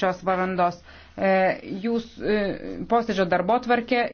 šios valandos e, jūs e, posėdžio darbo tvarkė